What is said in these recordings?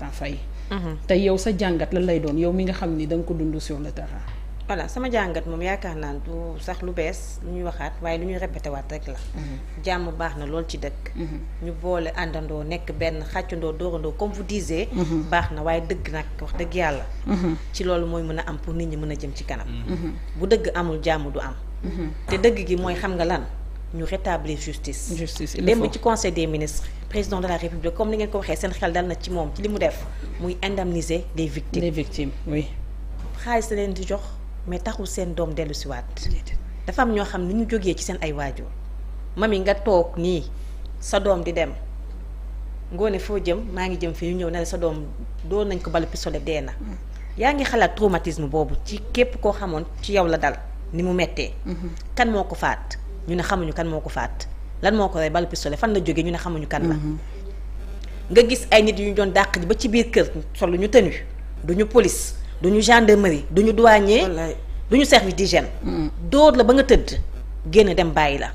Martin Faye mhm. te yow sa jàngat la lay doon yow mi nga xam ni da nga ko dund sur le terrain. voilà sama jàngat moom yaakaar naa du sax lu bees lu ñuy waxaat waaye lu ñuy répété waat rek la. Mhm. jàmm baax na lool ci dëkk. Mhm. ñu boole àndandoo nekk benn xàccandoo doorandoo comme vous disiez. baax na waaye dëgg nag wax dëgg yàlla. ci loolu mooy mën a am pour nit ñi mën a jëm ci kanam. bu dëgg amul jàmm du am. te dëgg gi mooy xam nga lan. ñu rétablir justice. justice démb ci conseil des ministres président de la république comme ni ngeen ko waxee seen xel dal na ci moom ci li mu def muy indemniser les victimes. les victimes oui. xaalis leen di jox mais taxul seen doom dellu si waat dafa am ñoo xam ni ñu jógee ci seen ay waajur mami nga toog nii sa doom di dem ngoone foo jëm maa ngi jëm fi ñu ñëw ne sa doom doo nañ ko balu pistolet dee na mm. yaa ngi xalaat traumatisme boobu ci képp koo xamoon ci yow la dal ni mu mettee mm-hmm. ko faat ñu ne xamuñu kan moo ko faat lan moo ko rey balu pistolet fan la jógee ñu ne xamuñu kan la mhm. nga gis ay nit yu ñu doon dàq ji ba ci biir kër sol ñu tenue duñu police duñu gendarmerie duñu douanier duñu service d'hygiène mhm. dóor la ba nga tëdd génn dem bàyyi la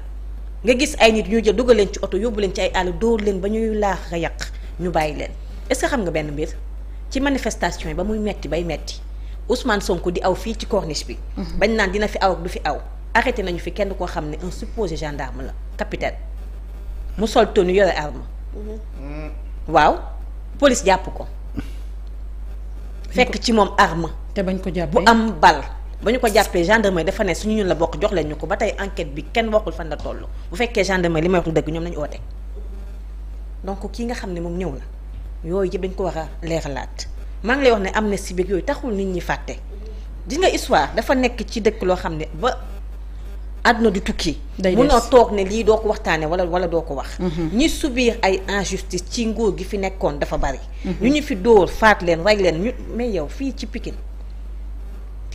nga gis ay nit yu jël dugal leen ci oto yóbbu leen ci ay àll dóor leen ba ñuy laax a yàq ñu bàyyi leen est-ce xam nga benn mbir ci manifestation yi ba muy metti bay metti Ousmane Sonko di aw fii ci corniche bi mhm. bañ naan dina fi aw ak fi aw arrêté nañu fi kenn koo xam ne un supposé gendarme la capitaine mu sol tenue yore arme mm-hmm. waaw police jàpp ko fekk ci moom arme te bañ ko jàppee bu am bal ba ñu ko jàppee gendarmerie dafa ne suñu ñun la bokk jox leen ñu ko ba tey enquête bi kenn waxul fan la toll bu fekkee gendarmerie li may wax lu dëgg ñoom nañu oote donc kii nga xam ne moom ñëw la yooyu yëpp dañ ko war a leeralaat maa ngi lay wax ne amnistie bi yooyu taxul nit ñi fàtte di nga histoire dafa nekk ci dëkk loo xam ne ba àdduna di tukki. day munoo toog ne lii doo ko waxtaanee wala wala doo ko wax. Mhm. ñi subir ay injustice ci nguur gi fi nekkoon dafa bari. Mhm. ñu ñu fi dóor faat leen rey leen ñu mais yow fii ci Pikine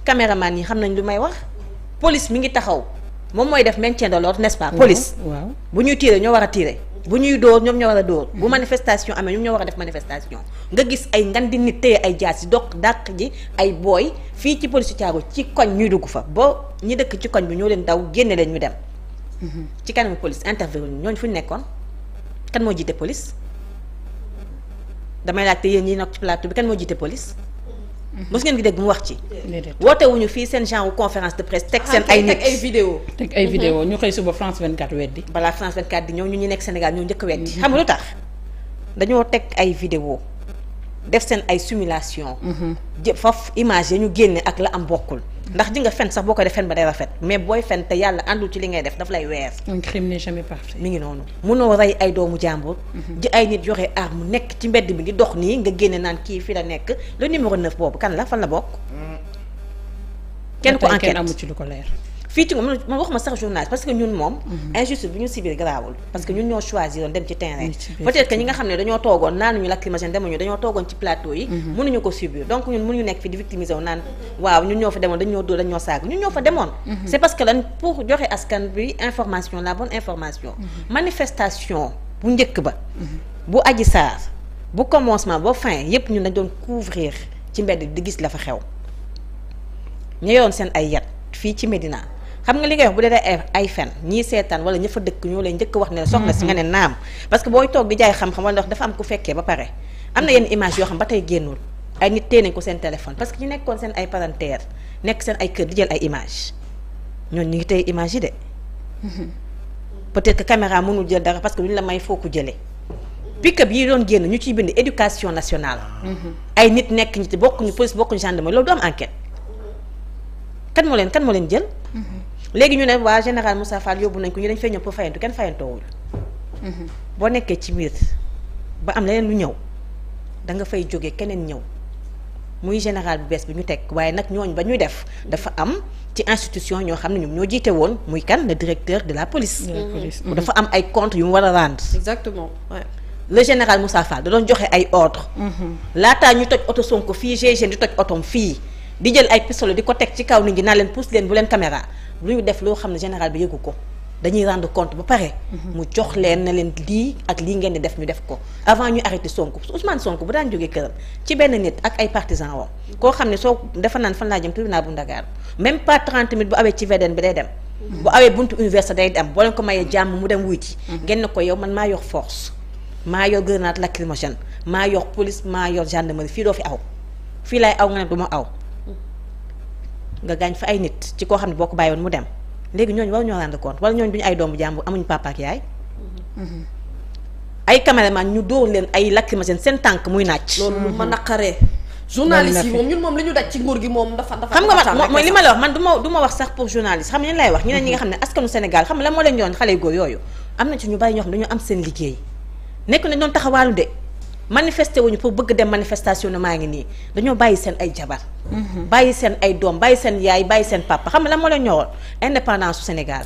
caméraman yi xam nañ lu may wax police mi ngi taxaw moom mooy def maintien de l'ordre n'est-ce mhm. police bu ñuy tiire ñoo war a tiire. bu ñuy dóor ñoom ñoo war a dóor bu manifestation amee ñoom ñoo war a def manifestation nga gis ay ngan di nit téye ay jaas si doq dàq ji ay booy fii ci police Thiaroye ci koñ ñuy dugg fa boo ñi dëkk ci koñ bi ñoo leen daw génne leen ñu dem mhm. ci kanamu police interview ñooñu fu ñu nekkoon kan moo jiite police damay laajte yéen ñi nekk ci plateau bi kan moo jiite police mos ngeen gi dégg mu wax ci. woote wuñu fii seen genre conférence de presse teg ah, seen ay nit teg ay vidéo teg ay mhm. vidéo ñu xëy suba France 24 weddi. balaa France 24 di ñëw ñu ñu nekk Sénégal ñoo njëkk a weddi. Mhm. xam tax dañoo teg ay vidéo def seen ay simulation. Mhm. jë faf image ya ñu génne ak la am bokkul. ndax ji nga fen sax boo ko def fen ba day rafet mais booy fen te yàlla àndul ci li ngay def daf lay weer. un crime n'est jamais parfait. mi ngi noonu munoo rey ay doomu jàmbur. Mhm. ji ay nit yore arme nekk ci mbedd bi di dox nii nga génne naan kii fii la nekk le numéro 9 boobu kan la fan la bokk. Mm. kenn ko enquête ci lu ko leer. fiitingu man waxuma sax journaliste parce que ñun moom mhm. injustice bi ñu subir garaawul parce que ñun ñoo choisir yoon dem ci terrain peut-être que ñi nga xam ne dañoo toogoon naanuñu lacrymogène demuñu dañoo toogoon ci plateau yi mhm. mënuñu ko subir donc ñun mënuñu nekk fi di victimiser ñoo fa demoon dañ ñoo dóor dañ ñoo saag ñun ñoo fa demoon mhm. c'est parce que lan pour joxe askan bi information la bonne information manifestation bu njëkk ba bu aji saar bu commencement ba fin yépp ñun dañ doon couvrir ci mbedd di gis la fa xew ñeyoon seen a yat fii ci Médina xam nga li ngay wax bu dee ay fen ñii seetaan wala ña fa dëkk ñoo lay njëkk wax ne mm-hmm. soxna si nga ne naam parce que booy toog di jaay xam-xam wala dafa am ku fekkee ba pare am na yenn image yoo xam ba tey génnul ay nit tee nañ ko seen téléphone parce que ñu nekkoon seen ay parentaire nekk seen ay kër di jël ay image ñoon ñu ngi tey image yi de mm-hmm. peut-être que caméra mënul jël dara parce que ñu la may foo ko jëlee pick-up yi doon génn ñu ciy bind éducation nationale mm-hmm. ay nit nekk ñi bokkuñu police bokkuñu gendarmerie loolu du am enquête kan moo leen kan moo leen jël léegi ñu ne waa général Moussa Fall yóbbu nañ ko ñu dañ fay ñëw pour fayantu kenn fayantoowul mhm. boo nekkee ci mbir ba am leneen lu ñëw da nga fay jóge keneen ñëw muy général bu bees bi ñu teg waaye nag ñooñ ba ñuy def dafa am ci institution ñoo xam ne ñoom ñoo jiite woon muy kan le directeur de la police mhm. dafa am ay comptes yu mu war a rendre exactement le général Moussa Fall da doon joxe ay ordre mhm. laataa ñu toj oto Sonko fii GIGN di toj otoom fii di jël ay pistolet di ko teg ci kaw nit ñi naa leen pousse leen bu leen caméra lu luy def loo xam ne général bi yëgu ko dañuy rendre compte ba pare. mu jox leen na leen lii ak lii ngeen di def ñu def ko avant ñu arrêté Sonko Ousmane sonk bu daan jógee këram ci benn nit ak ay partisan wam koo xam ne soo dafa naan fan laa jëm tribunal bu Ndakaaru même pas 30 minutes bu awee ci VDN bi day dem. bu awee buntu université day dem boo leen ko mayee jàmm mu dem wuy ci. ngeen ne ko yow man maa yor force maa yor grenade lacrymogène maa yor police maa yor gendarmerie fii doo fi aw fii laay aw nga ne ma aw. nga gaañ fa ay nit ci koo xam ne boo ko bàyyi woon mu dem léegi ñooñu war ñoo rendre compte wala ñooñu duñu ay doomu jàmbur amuñu papa ak yaay. ay caméraman ñu dóor leen ay lacrymogène seen tànk muy naaj. loolu lu ma mhm. naqaree. journaliste yi moom ñun moom li ñu daj ci nguur gi moom dafa dafa. xam nga wax mooy li ma la wax man du ma du ma wax sax pour journaliste xam nga lay wax. ñeneen ñi nga xam ne mhm. askanu Sénégal xam nga lan moo leen yoon xale yu góor yooyu am na ci ñu bàyyi ñoo xam dañoo am seen manifesté wuñu pour bëgg dem manifestation ne maa ngi nii dañoo bàyyi seen ay jabar bàyyi seen ay doom bàyyi seen yaay bàyyi seen papa xam nga la moo la ñoroon indépendance su Sénégal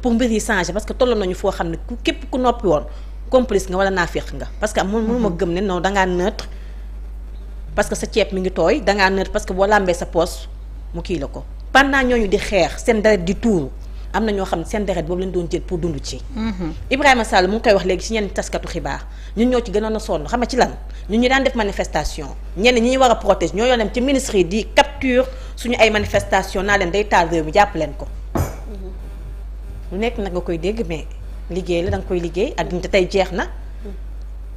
pour mbir yi changé parce que tolloon nañu foo xam ne ku képp ku noppi woon complice nga wala naafiq nga parce que mun mënu ma gëm ne non dangaa neutre parce que sa ceeb mi ngi tooy dangaa neutre parce que boo làmbee sa poos mu kii la ko ñoo ñu di xeex seen deret di tuuru am na ñoo xam ne seen deret boobu lañ doon jël pour dund ci mhm. Ibrahima Sall mu ngi koy wax léegi ci ñenn taskatu xibaar ñun ñoo ci gënoon a sonn xam ci lan ñun ñu daan def manifestation ñenn ñi ñu war a protéger ñoo yoonam ci ministre yi di capture suñu ay manifestation naa leen day taal réew mi jàpp leen ko mhm. lu nekk nag nga koy dégg mais liggéey la da nga koy liggéey ak dignité tey jeex na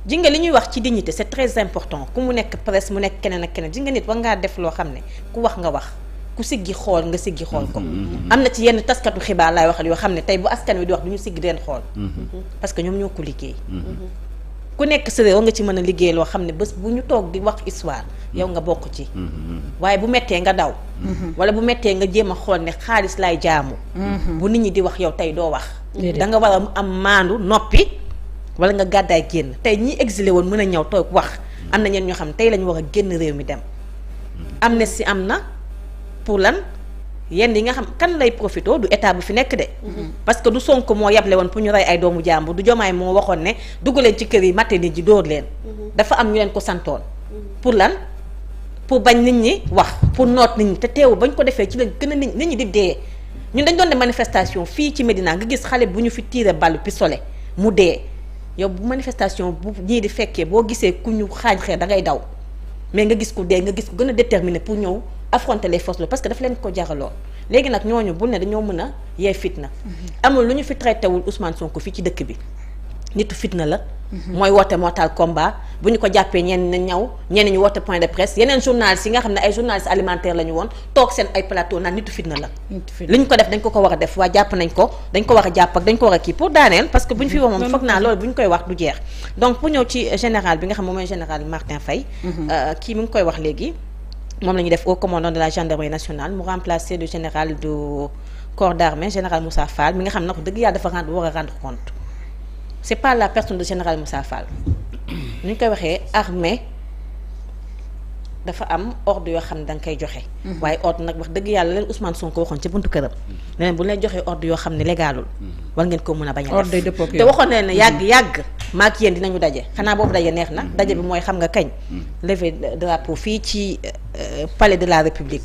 ji nga li ñuy wax ci dignité c'est très important ku mu nekk presse mu nekk keneen ak keneen nga nit war ngaa def loo xam ne ku wax nga wax ku siggi xool nga siggi xool ko mm-hmm. Mm-hmm. am na ci yenn taskatu xibaar laay waxal yoo xam ne tey bu askan wi di wax du ñu siggi deen xool mm-hmm. parce que ñoom ñoo ko liggéey ku nekk sa réew nga ci mën a liggéey loo xam ne bés bu ñu toog di wax histoire yow nga bokk ci waaye bu mettee nga daw wala bu mettee nga jéem a xool ne xaalis laay jaamu bu nit ñi di wax yow tey doo wax da nga war a am maandu noppi wala nga gàddaay génn tey ñi exile woon mën a ñëw toog wax am na ñeen ñoo xam ne tey la ñu war a génn réew mi dem am na pour lan yenn yi nga xam kan lay profito du état bu fi nekk de. Mhm. parce que du sonk moo yable woon pour ñu rey ay doomu jàmbur du jomaay moo waxoon ne dugg leen ci kër yi matte nit ji dóor leen. Mhm. dafa am ñu leen ko santoon. Mhm. pour lan pour bañ nit ñi wax pour noot nit ñi te teewul bañ ko defee ci lañ gën a nit ñi di dee. ñun dañ doon de manifestation fii ci Medina nga gis xale bu ñu fi tiire balle pistolet mu dee yow bu manifestation bu ñii di fekkee boo gisee ku ñu xaañ da ngay daw mais nga gis ku dee nga gis gën a déterminé pour ñëw. affronter les forces parce que daf leen ko jaraloon léegi nag ñooñu bu ne dañoo mën a yee fitna. amul lu ñu fi traité wul Ousmane Sonko fii ci dëkk bi nitu fitna la. mooy woote mortal combat bu ñu ko jàppee ñenn na ñaw ñenn ñu woote point de presse yi nga xam ne ay journalistes la ñu woon toog seen ay plateau naan nitu fitna la. li ñu ko def dañ ko ko war a def waa jàpp nañ ko dañ ko war a jàpp ak dañ ko war a kii pour daaneel parce que bu ñu fi wax moom foog naa loolu bu ñu koy wax du jeex donc pour ñëw ci général bi nga xam moom mooy général Martin Faye mhm. euh, kii mu ngi koy wax léegi moom la def au commandant de la gendarmerie nationale mu remplacer le général du corps d'armée général Moussa Fall mi nga xam ne ko dëgg yàlla dafa rendre war a rendre compte c'est pas la personne de général Moussa Fall ñu koy waxee armée dafa am ordre yoo xam ne da nga koy joxe. Mhm. waaye ordre nag wax dëgg yàlla leen Ousmane ko waxoon ci buntu këram. Mhm. ne leen bu ñu leen joxee ordre yoo xam ne légalul. Mhm. war ngeen ko mën a bañ a def te waxoon na ne yàgg yàgg. maak yéen dinañu daje xanaa boobu daje neex na daje bi mooy xam nga kañ. lever drapeau fii ci euh, pale de la république.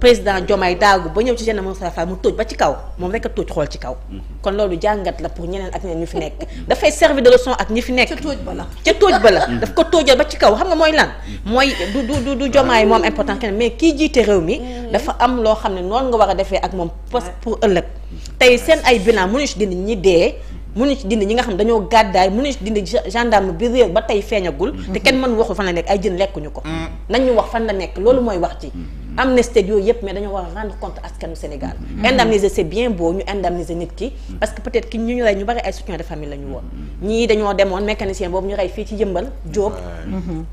président Diomaye daagu ba ñëw ci gendarmerie Moustapha mu tóoj ba ci kaw moom rek a tóoj xool ci kaw. Mhm. kon loolu jàngat la pour ñeneen ak ñeneen ñu fi nekk. dafay servir de leçon ak ñi fi nekk. ca tóoj ba la ca tóoj ba la. Mhm. daf ko tóojal ba ci kaw xam nga mooy lan. Mhm. mooy du du du ah. moom important mais kii jiite réew mi. dafa am loo xam ne nga war a defee ak moom poste pour ëllëg. tey seen ay bilan mënuñu ci dindi ñi dee. ci dindi ñi nga xam dañoo gàddaay mënuñu ci dindi gendarme bi réer ba tey feeñagul. te kenn mën waxul fan la nekk ay jën lekkuñu ko. Mm. nañ ñu wax fan la nekk loolu mooy wax ci mm-hmm. amnistie yooyu yëpp mais dañoo war a rendre compte askanu Sénégal. Mm-hmm. indemniser c'est bien beau ñu indemniser nit ki. parce que peut-être ki ñu ñu rey ñu bari ay soutien de famille la ñu woon. Mm-hmm. ñii dañoo demoon mécanicien boobu ñu rey fii ci yëmbal Diop.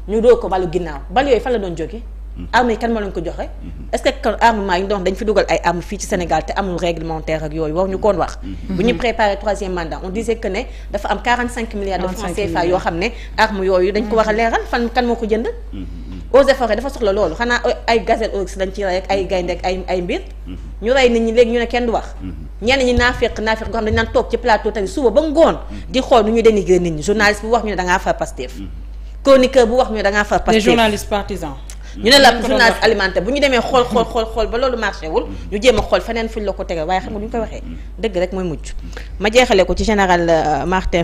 ñu dóor ko balu ginnaaw bal yooyu fan la doon jóge mm-hmm. armes yi kan moo leen ko joxe. est-ce que kon armement yi ñu doon dañ fi dugal ay armes fii ci Sénégal te amul réglementaire ak yooyu war ñu koon wax. bu ñu préparé troisième mandat on disait que ne dafa am 45 milliards de yoo xam ne armes yooyu dañ ko war a leeral fan kan moo ko jënd. eaux et loolu xanaa ay gazelle oryx lañ ci rey ak ay gaynde ak ay ay mbir mhm. ñu rey nit ñi léegi ñu ne kenn du wax mhm. ñenn ñi naafeq naafeq goo xam dañ naan toog ci plateau mhm. bu wax ñu ne dangaa far Pastef chroniqueur bu wax ñu ne dangaa far Pastef ñu ne la journaliste alimentaire bu ñu demee xool xool xool ba loolu marché ñu jéem a xool feneen fuñ la ko tege waaye xam nga du ñu koy waxee dëgg rek mooy mujj ma jeexale ko ci général euh, Martin